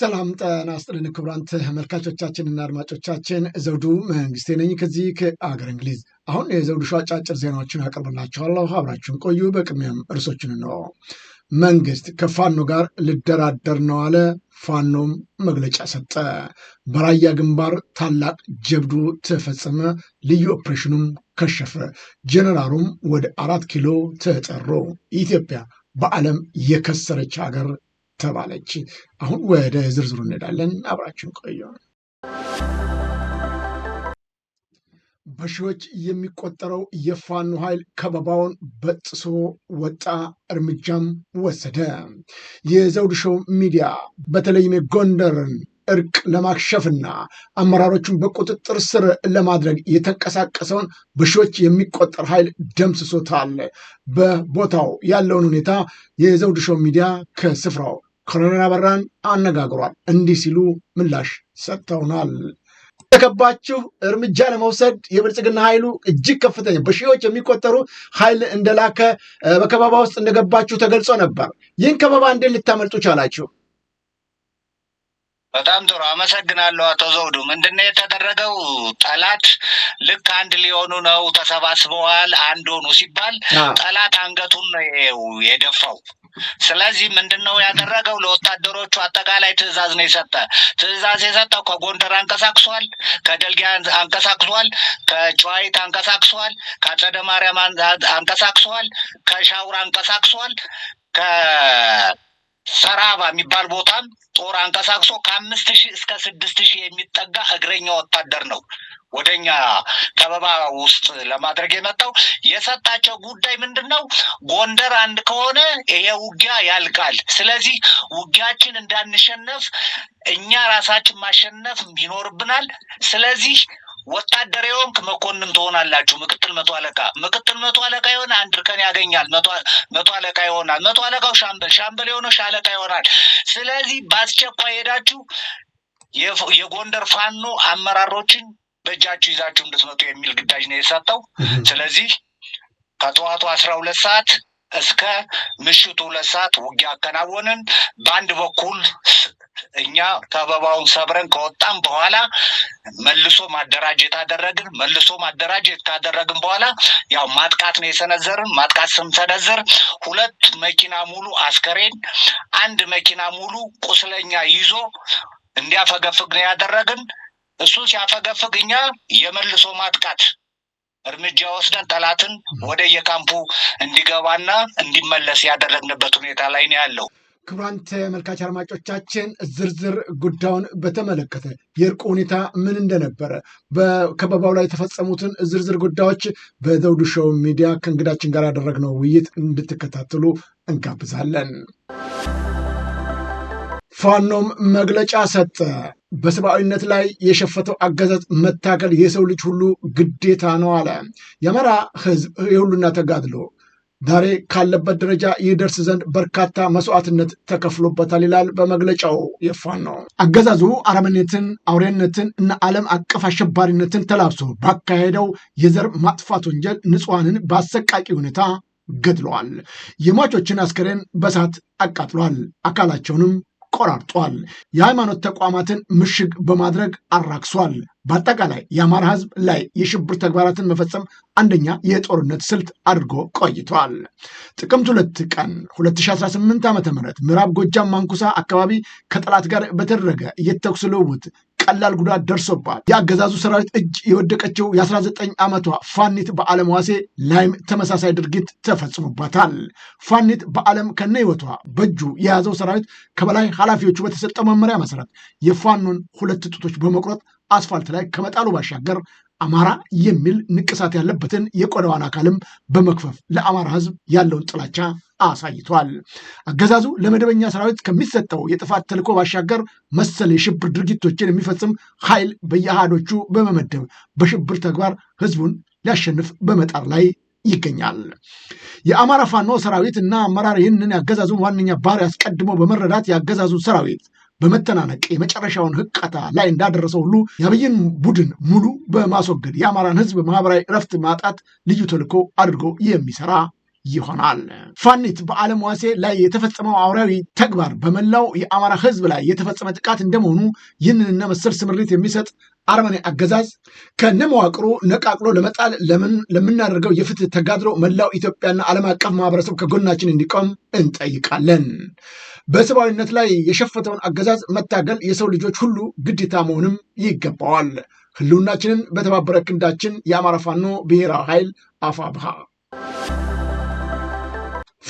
ሰላም ጠና አስጥልን ክቡራን ተመልካቾቻችንና አድማጮቻችን፣ ዘውዱ መንግስቴ ነኝ ከዚህ ከአገር እንግሊዝ። አሁን የዘውዱ ሾው አጫጭር ዜናዎችን አቀርብላችኋለሁ፣ አብራችሁን ቆዩ። በቅድሚያም እርሶችን ነው። መንግስት ከፋኖ ጋር ልደራደር ነው አለ። ፋኖም መግለጫ ሰጠ። በራያ ግንባር ታላቅ ጀብዱ ተፈጸመ። ልዩ ኦፕሬሽኑም ከሸፈ። ጀነራሉም ወደ አራት ኪሎ ተጠሩ። ኢትዮጵያ በዓለም የከሰረች ሀገር ተባለች። አሁን ወደ ዝርዝሩ እንሄዳለን። አብራችን ቆዩ። በሺዎች የሚቆጠረው የፋኖ ኃይል ከበባውን በጥሶ ወጣ፣ እርምጃም ወሰደ። የዘውድ ሾው ሚዲያ በተለይም ጎንደርን እርቅ ለማክሸፍና አመራሮቹን በቁጥጥር ስር ለማድረግ የተንቀሳቀሰውን በሺዎች የሚቆጠር ኃይል ደምስሶታል። በቦታው ያለውን ሁኔታ የዘውድ ሾው ሚዲያ ከስፍራው ኮሎኔል አበራን አነጋግሯል። እንዲህ ሲሉ ምላሽ ሰጥተውናል። የተከባችሁ እርምጃ ለመውሰድ የብልጽግና ኃይሉ እጅግ ከፍተኛ በሺዎች የሚቆጠሩ ኃይል እንደላከ በከበባ ውስጥ እንደገባችሁ ተገልጾ ነበር። ይህን ከበባ እንዴት ልታመልጡ ቻላችሁ? በጣም ጥሩ አመሰግናለሁ አቶ ዘውዱ። ምንድነው የተደረገው? ጠላት ልክ አንድ ሊሆኑ ነው ተሰባስበዋል፣ አንድ ሆኑ ሲባል ጠላት አንገቱን ነው የደፋው። ስለዚህ ምንድነው ያደረገው? ለወታደሮቹ አጠቃላይ ትዕዛዝ ነው የሰጠ። ትዕዛዝ የሰጠው ከጎንደር አንቀሳቅሷል፣ ከደልጊያ አንቀሳቅሷል፣ ከጨዋይት አንቀሳቅሷል፣ ከአጸደ ማርያም አንቀሳቅሷል፣ ከሻውር አንቀሳቅሷል፣ ሰራባ የሚባል ቦታም ጦር አንቀሳቅሶ ከአምስት ሺህ እስከ ስድስት ሺህ የሚጠጋ እግረኛ ወታደር ነው ወደኛ ከበባ ውስጥ ለማድረግ የመጣው። የሰጣቸው ጉዳይ ምንድን ነው? ጎንደር አንድ ከሆነ ይሄ ውጊያ ያልቃል። ስለዚህ ውጊያችን እንዳንሸነፍ እኛ ራሳችን ማሸነፍ ይኖርብናል። ስለዚህ ወታደር የሆንክ መኮንን ትሆናላችሁ። ምክትል መቶ አለቃ ምክትል መቶ አለቃ የሆነ አንድ እርከን ያገኛል። መቶ አለቃ ይሆናል። መቶ አለቃው ሻምበል፣ ሻምበል የሆነው ሻለቃ ይሆናል። ስለዚህ በአስቸኳይ ሄዳችሁ የጎንደር ፋኖ አመራሮችን በእጃችሁ ይዛችሁ እንድትመጡ የሚል ግዳጅ ነው የሰጠው። ስለዚህ ከጠዋቱ አስራ ሁለት ሰዓት እስከ ምሽቱ ሁለት ሰዓት ውጊያ አከናወንን። በአንድ በኩል እኛ ከበባውን ሰብረን ከወጣን በኋላ መልሶ ማደራጀት አደረግን። መልሶ ማደራጀት ካደረግን በኋላ ያው ማጥቃት ነው የሰነዘርን። ማጥቃት ስንሰነዝር ሁለት መኪና ሙሉ አስከሬን፣ አንድ መኪና ሙሉ ቁስለኛ ይዞ እንዲያፈገፍግ ነው ያደረግን። እሱ ሲያፈገፍግ እኛ የመልሶ ማጥቃት እርምጃ ወስደን ጠላትን ወደ የካምፑ እንዲገባና እንዲመለስ ያደረግንበት ሁኔታ ላይ ነው ያለው። ክቡራን ተመልካች አድማጮቻችን ዝርዝር ጉዳዩን በተመለከተ የእርቁ ሁኔታ ምን እንደነበረ በከበባው ላይ የተፈጸሙትን ዝርዝር ጉዳዮች በዘውዱ ሾው ሚዲያ ከእንግዳችን ጋር ያደረግነው ውይይት እንድትከታተሉ እንጋብዛለን። ፋኖም መግለጫ ሰጠ። በሰብአዊነት ላይ የሸፈተው አገዛዝ መታገል የሰው ልጅ ሁሉ ግዴታ ነው አለ። የአማራ ህዝብ የሁሉና ተጋድሎ ዛሬ ካለበት ደረጃ ይደርስ ዘንድ በርካታ መስዋዕትነት ተከፍሎበታል ይላል በመግለጫው የፋን ነው። አገዛዙ አረመኔትን፣ አውሬነትን እና ዓለም አቀፍ አሸባሪነትን ተላብሶ ባካሄደው የዘር ማጥፋት ወንጀል ንጹሐንን በአሰቃቂ ሁኔታ ገድለዋል። የሟቾችን አስከሬን በእሳት አቃጥሏል። አካላቸውንም ቆራርጧል። የሃይማኖት ተቋማትን ምሽግ በማድረግ አራክሷል። በአጠቃላይ የአማራ ህዝብ ላይ የሽብር ተግባራትን መፈጸም አንደኛ የጦርነት ስልት አድርጎ ቆይቷል። ጥቅምት ሁለት ቀን 2018 ዓ ም ምዕራብ ጎጃም ማንኩሳ አካባቢ ከጠላት ጋር በተደረገ የተኩስ ልውውጥ ቀላል ጉዳት ደርሶባት የአገዛዙ ሰራዊት እጅ የወደቀችው የ19 ዓመቷ ፋኒት በዓለም ዋሴ ላይም ተመሳሳይ ድርጊት ተፈጽሞባታል። ፋኒት በዓለም ከነ ህይወቷ በእጁ የያዘው ሰራዊት ከበላይ ኃላፊዎቹ በተሰጠው መመሪያ መሰረት የፋኖን ሁለት ጡቶች በመቁረጥ አስፋልት ላይ ከመጣሉ ባሻገር አማራ የሚል ንቅሳት ያለበትን የቆዳዋን አካልም በመክፈፍ ለአማራ ህዝብ ያለውን ጥላቻ አሳይቷል። አገዛዙ ለመደበኛ ሰራዊት ከሚሰጠው የጥፋት ተልዕኮ ባሻገር መሰል የሽብር ድርጊቶችን የሚፈጽም ኃይል በየአሃዶቹ በመመደብ በሽብር ተግባር ህዝቡን ሊያሸንፍ በመጣር ላይ ይገኛል። የአማራ ፋኖ ሰራዊት እና አመራር ይህንን የአገዛዙን ዋነኛ ባህሪ አስቀድሞ በመረዳት የአገዛዙ ሰራዊት በመተናነቅ የመጨረሻውን ህቀታ ላይ እንዳደረሰው ሁሉ የአብይን ቡድን ሙሉ በማስወገድ የአማራን ህዝብ ማህበራዊ እረፍት ማጣት ልዩ ተልዕኮ አድርጎ የሚሰራ ይሆናል። ፋኒት በአለም ዋሴ ላይ የተፈጸመው አውራዊ ተግባር በመላው የአማራ ህዝብ ላይ የተፈጸመ ጥቃት እንደመሆኑ ይህንንና መሰል ስምሪት የሚሰጥ አርመኔ አገዛዝ ከነመዋቅሩ ነቃቅሎ ለመጣል ለምናደርገው የፍትህ ተጋድሎ መላው ኢትዮጵያና ዓለም አቀፍ ማህበረሰብ ከጎናችን እንዲቆም እንጠይቃለን። በሰብአዊነት ላይ የሸፈተውን አገዛዝ መታገል የሰው ልጆች ሁሉ ግዴታ መሆንም ይገባዋል። ህልውናችንን በተባበረ ክንዳችን የአማራ ፋኖ ብሔራዊ ኃይል አፋብሃ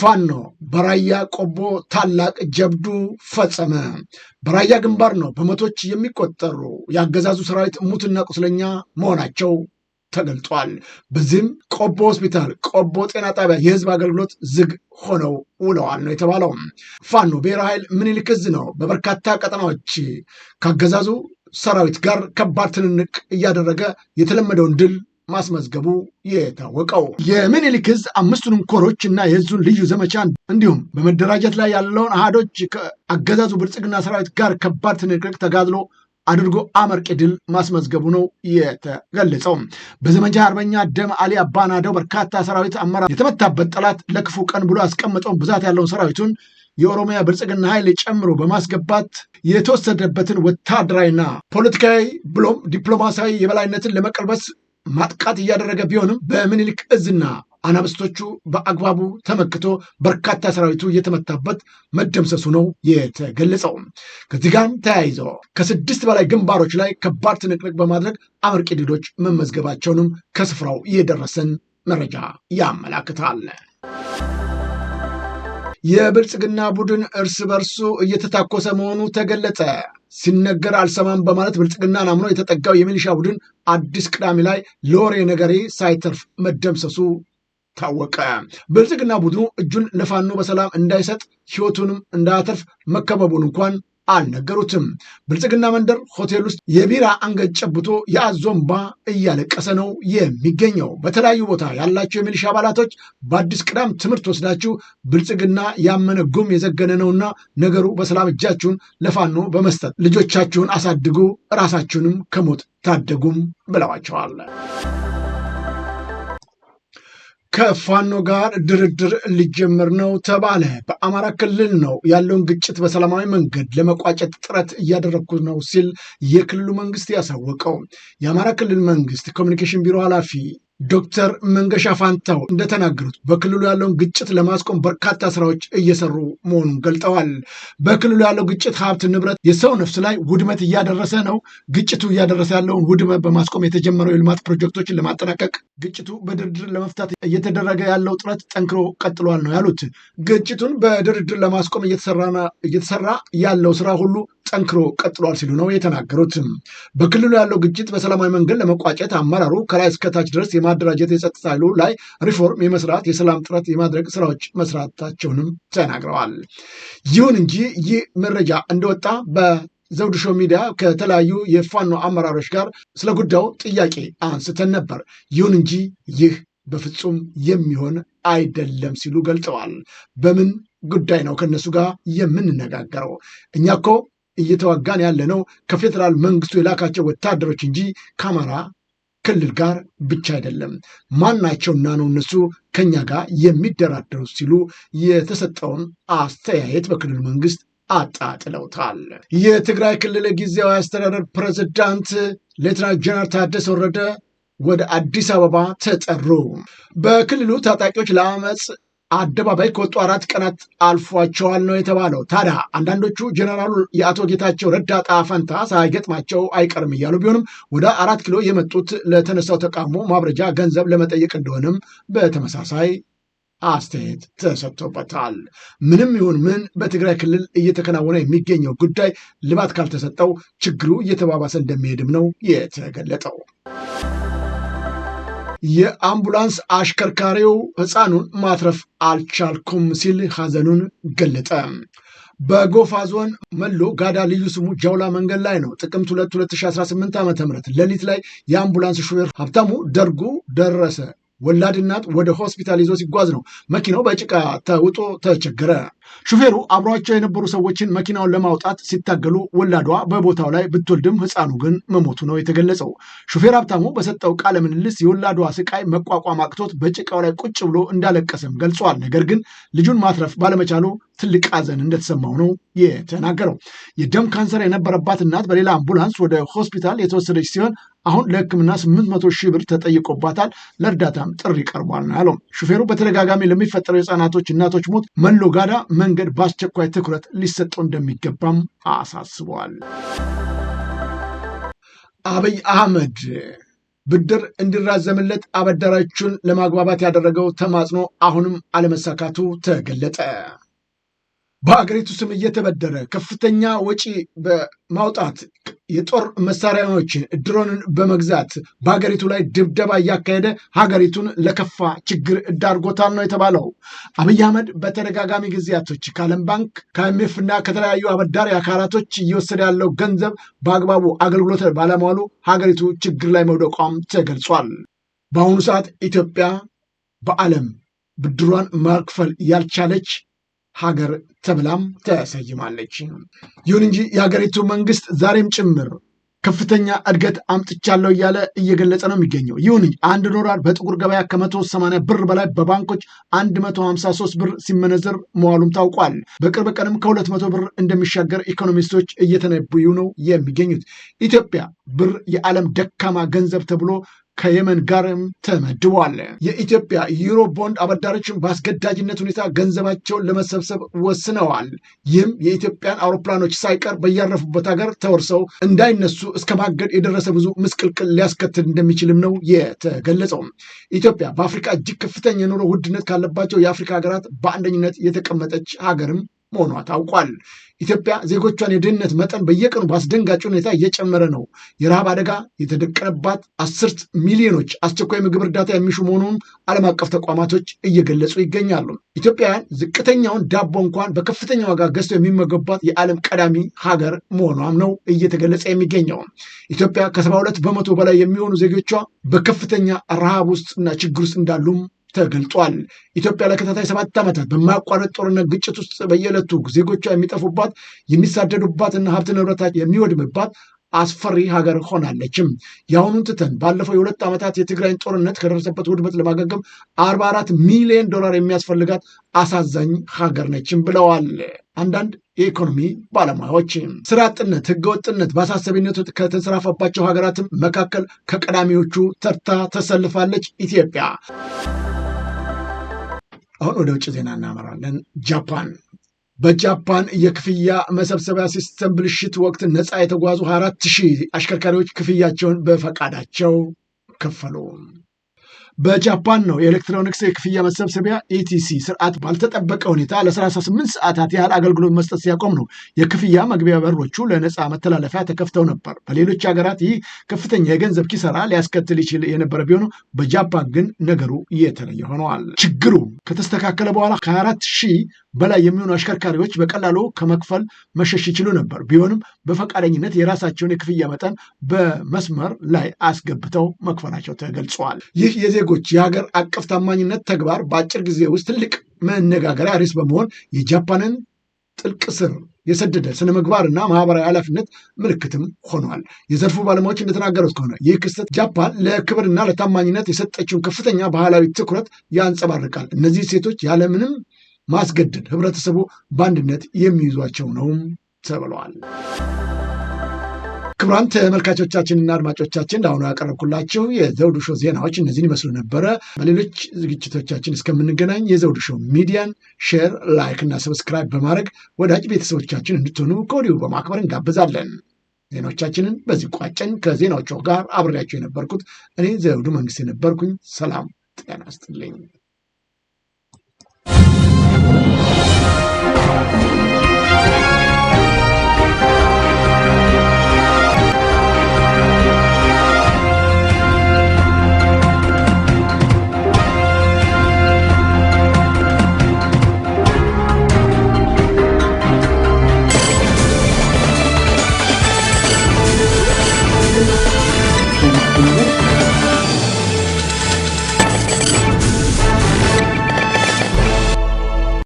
ፋኖ በራያ ቆቦ ታላቅ ጀብዱ ፈጸመ። በራያ ግንባር ነው በመቶች የሚቆጠሩ የአገዛዙ ሰራዊት ሙትና ቁስለኛ መሆናቸው ተገልጧል። በዚህም ቆቦ ሆስፒታል፣ ቆቦ ጤና ጣቢያ የህዝብ አገልግሎት ዝግ ሆነው ውለዋል ነው የተባለው። ፋኖ ብሔራዊ ኃይል ምኒልክ ዕዝ ነው በበርካታ ቀጠናዎች ከአገዛዙ ሰራዊት ጋር ከባድ ትንንቅ እያደረገ የተለመደውን ድል ማስመዝገቡ የታወቀው የምኒልክ እዝ አምስቱንም ኮሮች እና የህዙን ልዩ ዘመቻን እንዲሁም በመደራጀት ላይ ያለውን አህዶች ከአገዛዙ ብልጽግና ሰራዊት ጋር ከባድ ትንቅንቅ ተጋድሎ አድርጎ አመርቂ ድል ማስመዝገቡ ነው የተገለጸው። በዘመቻ አርበኛ ደም አሊ አባናደው በርካታ ሰራዊት አመራር የተመታበት ጠላት ለክፉ ቀን ብሎ ያስቀመጠውን ብዛት ያለውን ሰራዊቱን የኦሮሚያ ብልጽግና ኃይል ጨምሮ በማስገባት የተወሰደበትን ወታደራዊና ፖለቲካዊ ብሎም ዲፕሎማሲያዊ የበላይነትን ለመቀልበስ ማጥቃት እያደረገ ቢሆንም በምኒልክ እዝና አናብስቶቹ በአግባቡ ተመክቶ በርካታ ሰራዊቱ እየተመታበት መደምሰሱ ነው የተገለጸው። ከዚህ ጋርም ተያይዞ ከስድስት በላይ ግንባሮች ላይ ከባድ ትንቅንቅ በማድረግ አመርቂ ድሎች መመዝገባቸውንም ከስፍራው የደረሰን መረጃ ያመላክታል። የብልጽግና ቡድን እርስ በርሱ እየተታኮሰ መሆኑ ተገለጸ። ሲነገር አልሰማም በማለት ብልጽግናን አምኖ የተጠጋው የሚሊሻ ቡድን አዲስ ቅዳሜ ላይ ለወሬ ነገሬ ሳይተርፍ መደምሰሱ ታወቀ። ብልጽግና ቡድኑ እጁን ለፋኖ በሰላም እንዳይሰጥ ህይወቱንም እንዳያተርፍ መከበቡን እንኳን አልነገሩትም። ብልጽግና መንደር ሆቴል ውስጥ የቢራ አንገት ጨብቶ የአዞምባ እያለቀሰ ነው የሚገኘው። በተለያዩ ቦታ ያላቸው የሚሊሻ አባላቶች በአዲስ ቅዳም ትምህርት ወስዳችሁ ብልጽግና ያመነ ጉም የዘገነ ነውና ነገሩ በሰላም እጃችሁን ለፋኖ በመስጠት ልጆቻችሁን አሳድጉ፣ ራሳችሁንም ከሞት ታደጉም ብለዋቸዋል። ከፋኖ ጋር ድርድር ሊጀመር ነው ተባለ። በአማራ ክልል ነው ያለውን ግጭት በሰላማዊ መንገድ ለመቋጨት ጥረት እያደረግኩ ነው ሲል የክልሉ መንግስት ያሳወቀው የአማራ ክልል መንግስት ኮሚኒኬሽን ቢሮ ኃላፊ ዶክተር መንገሻ ፋንታው እንደተናገሩት በክልሉ ያለውን ግጭት ለማስቆም በርካታ ስራዎች እየሰሩ መሆኑን ገልጠዋል። በክልሉ ያለው ግጭት ሀብት፣ ንብረት፣ የሰው ነፍስ ላይ ውድመት እያደረሰ ነው። ግጭቱ እያደረሰ ያለውን ውድመት በማስቆም የተጀመረው የልማት ፕሮጀክቶችን ለማጠናቀቅ ግጭቱ በድርድር ለመፍታት እየተደረገ ያለው ጥረት ጠንክሮ ቀጥሏል ነው ያሉት። ግጭቱን በድርድር ለማስቆም እየተሰራ ያለው ስራ ሁሉ ጠንክሮ ቀጥሏል ሲሉ ነው የተናገሩት። በክልሉ ያለው ግጭት በሰላማዊ መንገድ ለመቋጨት አመራሩ ከላይ እስከታች ድረስ የማደራጀት የጸጥታ ኃይሉ ላይ ሪፎርም የመስራት የሰላም ጥረት የማድረግ ስራዎች መስራታቸውንም ተናግረዋል። ይሁን እንጂ ይህ መረጃ እንደወጣ በዘውዱ ሾው ሚዲያ ከተለያዩ የፋኖ አመራሮች ጋር ስለ ጉዳዩ ጥያቄ አንስተን ነበር። ይሁን እንጂ ይህ በፍጹም የሚሆን አይደለም ሲሉ ገልጸዋል። በምን ጉዳይ ነው ከነሱ ጋር የምንነጋገረው? እኛ እኮ እየተዋጋን ያለነው ከፌዴራል መንግስቱ የላካቸው ወታደሮች እንጂ ከአማራ ክልል ጋር ብቻ አይደለም ማናቸውና ነው እነሱ ከኛ ጋር የሚደራደሩት ሲሉ የተሰጠውን አስተያየት በክልሉ መንግስት አጣጥለውታል። የትግራይ ክልል ጊዜያዊ አስተዳደር ፕሬዝዳንት ሌተና ጀነራል ታደሰ ወረደ ወደ አዲስ አበባ ተጠሩ። በክልሉ ታጣቂዎች ለአመፅ አደባባይ ከወጡ አራት ቀናት አልፏቸዋል ነው የተባለው። ታዲያ አንዳንዶቹ ጀነራሉ የአቶ ጌታቸው ረዳ ፈንታ ሳይገጥማቸው አይቀርም እያሉ ቢሆንም ወደ አራት ኪሎ የመጡት ለተነሳው ተቃውሞ ማብረጃ ገንዘብ ለመጠየቅ እንደሆነም በተመሳሳይ አስተያየት ተሰጥቶበታል። ምንም ይሁን ምን በትግራይ ክልል እየተከናወነ የሚገኘው ጉዳይ ልባት ካልተሰጠው ችግሩ እየተባባሰ እንደሚሄድም ነው የተገለጠው። የአምቡላንስ አሽከርካሪው ህፃኑን ማትረፍ አልቻልኩም ሲል ሐዘኑን ገለጠ። በጎፋ ዞን መሎ ጋዳ ልዩ ስሙ ጃውላ መንገድ ላይ ነው ጥቅምት 2 2018 ዓ ም ሌሊት ላይ የአምቡላንስ ሹፌር ሀብታሙ ደርጎ ደረሰ ወላድ እናት ወደ ሆስፒታል ይዞ ሲጓዝ ነው መኪናው በጭቃ ተውጦ ተቸገረ። ሹፌሩ አብሯቸው የነበሩ ሰዎችን መኪናውን ለማውጣት ሲታገሉ ወላዷ በቦታው ላይ ብትወልድም ህፃኑ ግን መሞቱ ነው የተገለጸው። ሹፌር ሀብታሙ በሰጠው ቃለ ምልልስ የወላዷ ስቃይ መቋቋም አቅቶት በጭቃው ላይ ቁጭ ብሎ እንዳለቀሰም ገልጿል። ነገር ግን ልጁን ማትረፍ ባለመቻሉ ትልቅ ሐዘን እንደተሰማው ነው የተናገረው። የደም ካንሰር የነበረባት እናት በሌላ አምቡላንስ ወደ ሆስፒታል የተወሰደች ሲሆን አሁን ለሕክምና 800 ሺህ ብር ተጠይቆባታል። ለእርዳታም ጥሪ ቀርቧል ነው ያለው። ሹፌሩ በተደጋጋሚ ለሚፈጠረው የህፃናቶች እናቶች ሞት መሎ ጋዳ መንገድ በአስቸኳይ ትኩረት ሊሰጠው እንደሚገባም አሳስበዋል። አብይ አህመድ ብድር እንዲራዘምለት አበዳሪዎቹን ለማግባባት ያደረገው ተማጽኖ አሁንም አለመሳካቱ ተገለጠ። በሀገሪቱ ስም እየተበደረ ከፍተኛ ወጪ በማውጣት የጦር መሳሪያዎችን ድሮንን በመግዛት በሀገሪቱ ላይ ድብደባ እያካሄደ ሀገሪቱን ለከፋ ችግር እዳርጎታል ነው የተባለው። አብይ አህመድ በተደጋጋሚ ጊዜያቶች ከዓለም ባንክ ከአይኤምኤፍ እና ከተለያዩ አበዳሪ አካላቶች እየወሰደ ያለው ገንዘብ በአግባቡ አገልግሎት ባለመዋሉ ሀገሪቱ ችግር ላይ መውደቋም ተገልጿል። በአሁኑ ሰዓት ኢትዮጵያ በዓለም ብድሯን መክፈል ያልቻለች ሀገር ተብላም ተሰይማለች። ይሁን እንጂ የሀገሪቱ መንግስት ዛሬም ጭምር ከፍተኛ እድገት አምጥቻለሁ እያለ እየገለጸ ነው የሚገኘው። ይሁን እንጂ አንድ ዶላር በጥቁር ገበያ ከ180 ብር በላይ በባንኮች 153 ብር ሲመነዘር መዋሉም ታውቋል። በቅርብ ቀንም ከ200 ብር እንደሚሻገር ኢኮኖሚስቶች እየተነብዩ ነው የሚገኙት። ኢትዮጵያ ብር የዓለም ደካማ ገንዘብ ተብሎ ከየመን ጋርም ተመድቧል። የኢትዮጵያ ዩሮ ቦንድ አበዳሪዎችን በአስገዳጅነት ሁኔታ ገንዘባቸውን ለመሰብሰብ ወስነዋል። ይህም የኢትዮጵያን አውሮፕላኖች ሳይቀር በያረፉበት ሀገር ተወርሰው እንዳይነሱ እስከ ማገድ የደረሰ ብዙ ምስቅልቅል ሊያስከትል እንደሚችልም ነው የተገለጸው። ኢትዮጵያ በአፍሪካ እጅግ ከፍተኛ የኑሮ ውድነት ካለባቸው የአፍሪካ ሀገራት በአንደኝነት የተቀመጠች ሀገርም መሆኗ ታውቋል። ኢትዮጵያ ዜጎቿን የድህነት መጠን በየቀኑ በአስደንጋጭ ሁኔታ እየጨመረ ነው። የረሃብ አደጋ የተደቀነባት አስርት ሚሊዮኖች አስቸኳይ ምግብ እርዳታ የሚሹ መሆኑን ዓለም አቀፍ ተቋማቶች እየገለጹ ይገኛሉ። ኢትዮጵያውያን ዝቅተኛውን ዳቦ እንኳን በከፍተኛ ዋጋ ገዝተው የሚመገባት የዓለም ቀዳሚ ሀገር መሆኗም ነው እየተገለጸ የሚገኘው። ኢትዮጵያ ከሰባ ሁለት በመቶ በላይ የሚሆኑ ዜጎቿ በከፍተኛ ረሃብ ውስጥና ችግር ውስጥ እንዳሉም ተገልጧል። ኢትዮጵያ ለከታታይ ሰባት ዓመታት በማያቋረጥ ጦርነት ግጭት ውስጥ በየዕለቱ ዜጎቿ የሚጠፉባት የሚሳደዱባትና ሀብት ንብረታ የሚወድምባት አስፈሪ ሀገር ሆናለችም። የአሁኑን ትተን ባለፈው የሁለት ዓመታት የትግራይን ጦርነት ከደረሰበት ውድመት ለማገገም አርባ አራት ሚሊዮን ዶላር የሚያስፈልጋት አሳዛኝ ሀገር ነችም ብለዋል አንዳንድ የኢኮኖሚ ባለሙያዎች። ስራ አጥነት፣ ህገወጥነት በአሳሳቢነቱ ከተንሰራፈባቸው ሀገራትም መካከል ከቀዳሚዎቹ ተርታ ተሰልፋለች ኢትዮጵያ። አሁን ወደ ውጭ ዜና እናመራለን። ጃፓን በጃፓን የክፍያ መሰብሰቢያ ሲስተም ብልሽት ወቅት ነፃ የተጓዙ 24 ሺህ አሽከርካሪዎች ክፍያቸውን በፈቃዳቸው ከፈሉ። በጃፓን ነው የኤሌክትሮኒክስ የክፍያ መሰብሰቢያ ኢቲሲ ስርዓት ባልተጠበቀ ሁኔታ ለ38 ሰዓታት ያህል አገልግሎት መስጠት ሲያቆም ነው። የክፍያ መግቢያ በሮቹ ለነፃ መተላለፊያ ተከፍተው ነበር። በሌሎች ሀገራት ይህ ከፍተኛ የገንዘብ ኪሰራ ሊያስከትል ይችል የነበረ ቢሆንም በጃፓን ግን ነገሩ እየተለየ ሆነዋል። ችግሩ ከተስተካከለ በኋላ ከአራት ሺህ በላይ የሚሆኑ አሽከርካሪዎች በቀላሉ ከመክፈል መሸሽ ይችሉ ነበር። ቢሆንም በፈቃደኝነት የራሳቸውን የክፍያ መጠን በመስመር ላይ አስገብተው መክፈላቸው ተገልጿል። ይህ የዜጎች የሀገር አቀፍ ታማኝነት ተግባር በአጭር ጊዜ ውስጥ ትልቅ መነጋገሪያ ርዕስ በመሆን የጃፓንን ጥልቅ ስር የሰደደ ስነ ምግባርና ማህበራዊ ኃላፊነት ምልክትም ሆኗል። የዘርፉ ባለሙያዎች እንደተናገሩት ከሆነ ይህ ክስተት ጃፓን ለክብርና ለታማኝነት የሰጠችውን ከፍተኛ ባህላዊ ትኩረት ያንጸባርቃል። እነዚህ ሴቶች ያለምንም ማስገደድ ህብረተሰቡ በአንድነት የሚይዟቸው ነው ተብለዋል። ክቡራን ተመልካቾቻችንና አድማጮቻችን ለአሁኑ ያቀረብኩላችሁ የዘውዱ ሾው ዜናዎች እነዚህን ይመስሉ ነበረ። በሌሎች ዝግጅቶቻችን እስከምንገናኝ የዘውዱ ሾው ሚዲያን ሼር፣ ላይክ እና ሰብስክራይብ በማድረግ ወዳጅ ቤተሰቦቻችን እንድትሆኑ ከወዲሁ በማክበር እንጋብዛለን። ዜናዎቻችንን በዚህ ቋጨን። ከዜናዎቹ ጋር አብሬያቸው የነበርኩት እኔ ዘውዱ መንግስት የነበርኩኝ። ሰላም ጤና ይስጥልኝ። Thank you.